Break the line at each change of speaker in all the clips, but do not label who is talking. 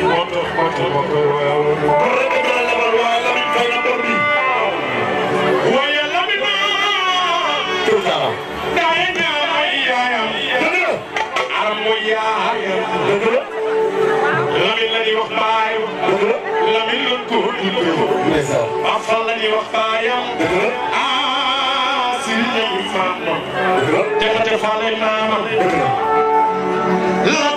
What the fuck? mooy yaayam. dëgg la. Lamine la ñuy wax baayam. dëgg la. Lamine luñ ko tuddee ko. ndeysaan. Afal la ñuy wax baayam. dëgg la. ah si ñoom faam moom. dëgg la. jafe-jafe faale maamam. dëgg la.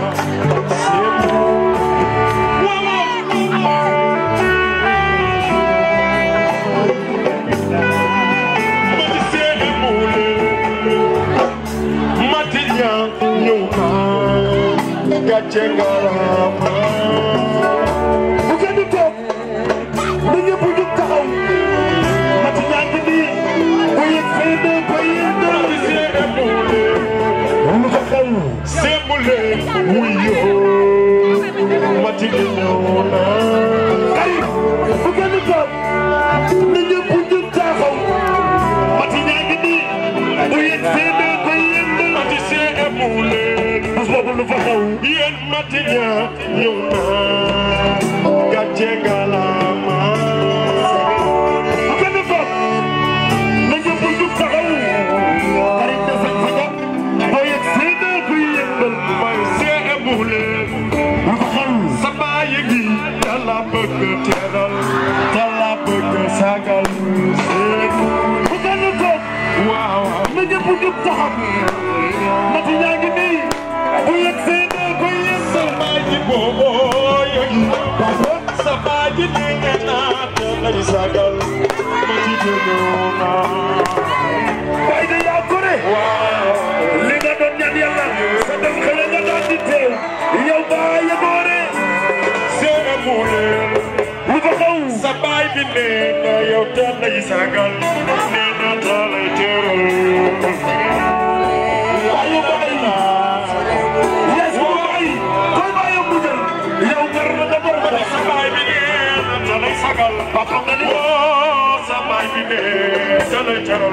Simple, we are. What did you know? ñëw na gàcce ngalaama benn bopp na nga bëgg taxaw xarit da sañ faja waaye seeda bu yëngal waaye see ebule sa baaye gi yàlla bëgg teral yàlla bëgg sagal waaw na nga bëgg taxaw mati yaa ngi nii Sagal चलो चलो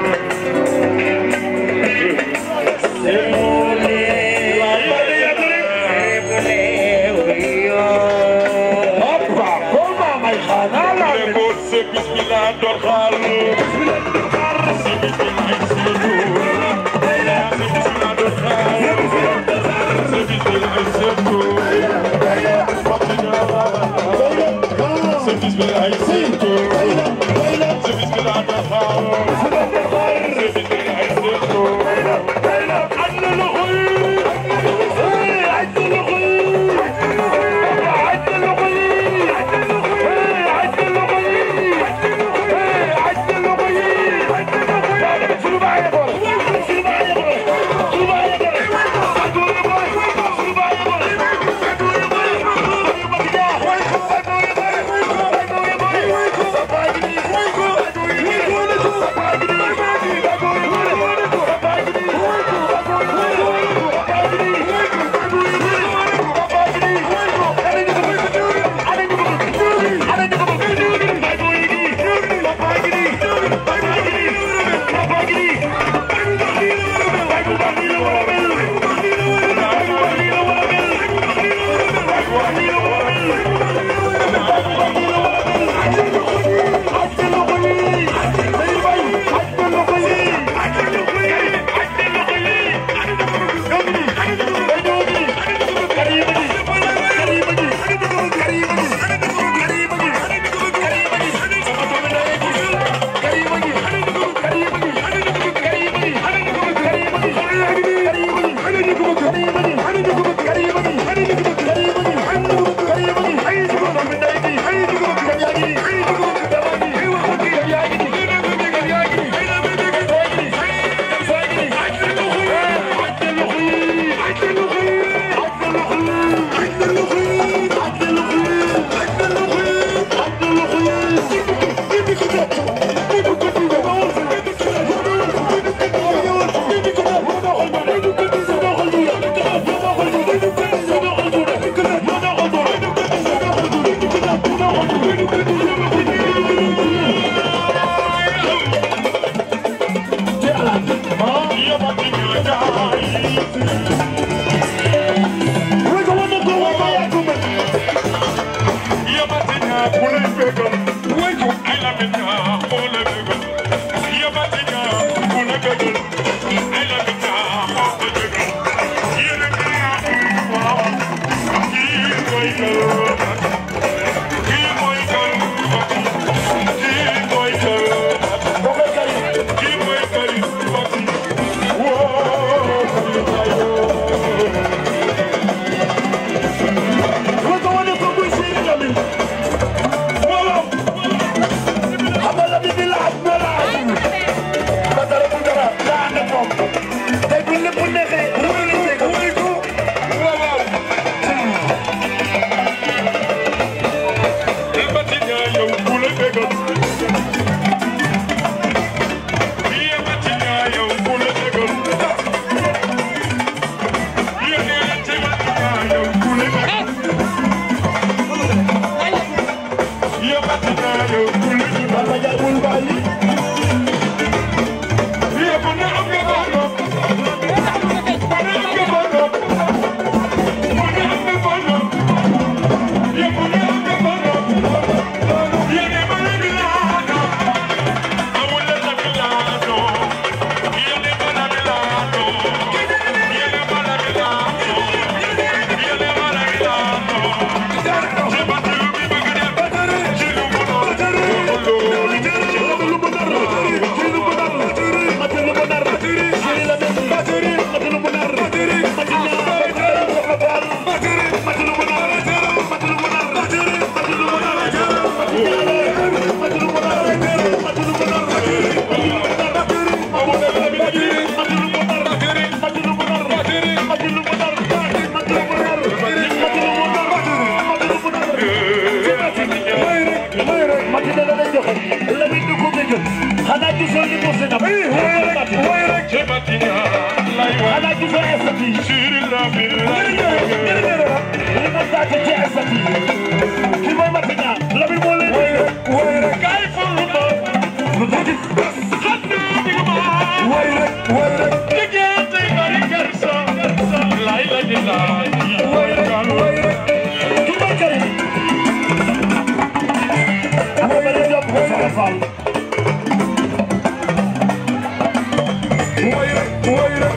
Thank you. I can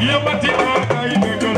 Yamati Akai Dudu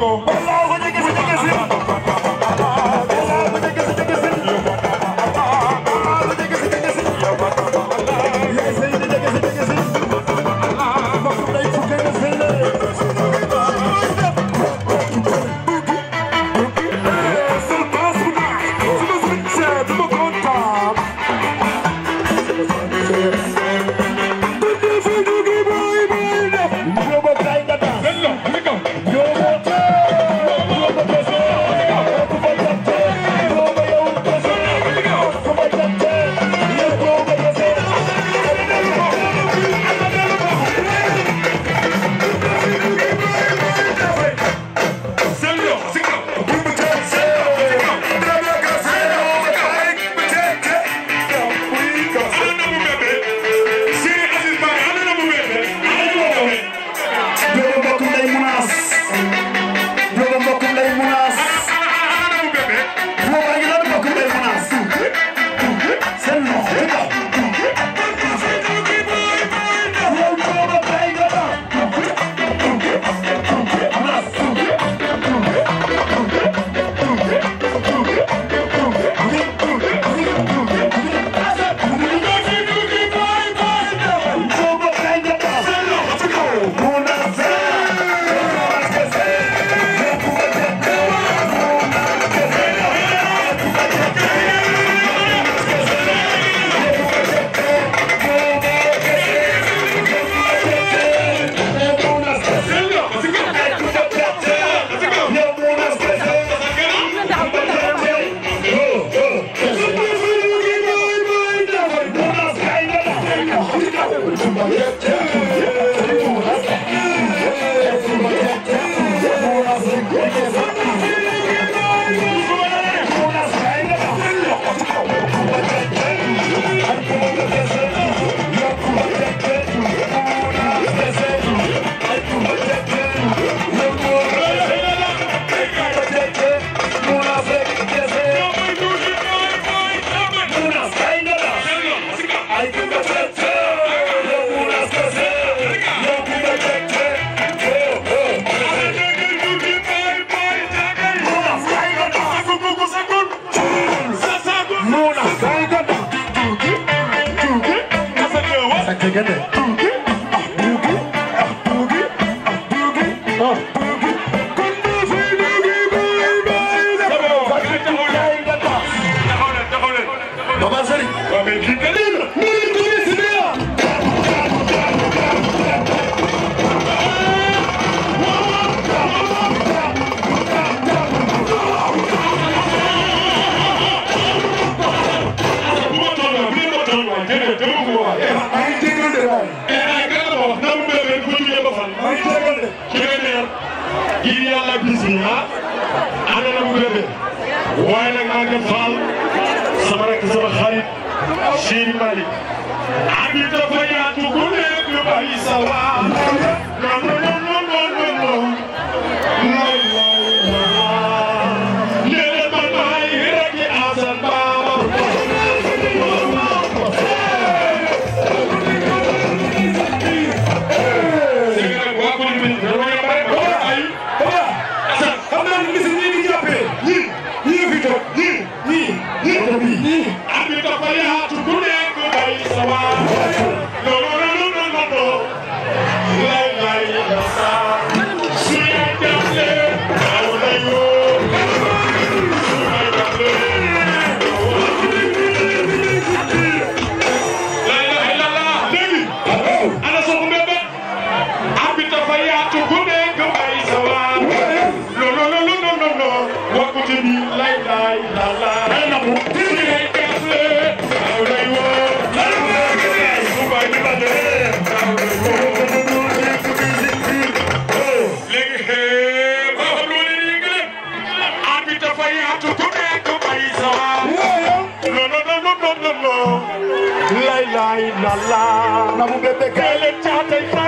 hago. Take it. Hãy subscribe wakkati la na mu timine kase lay wo lay wo bu bay ni bade léegi xee ba la na mu bébé kay leen caatay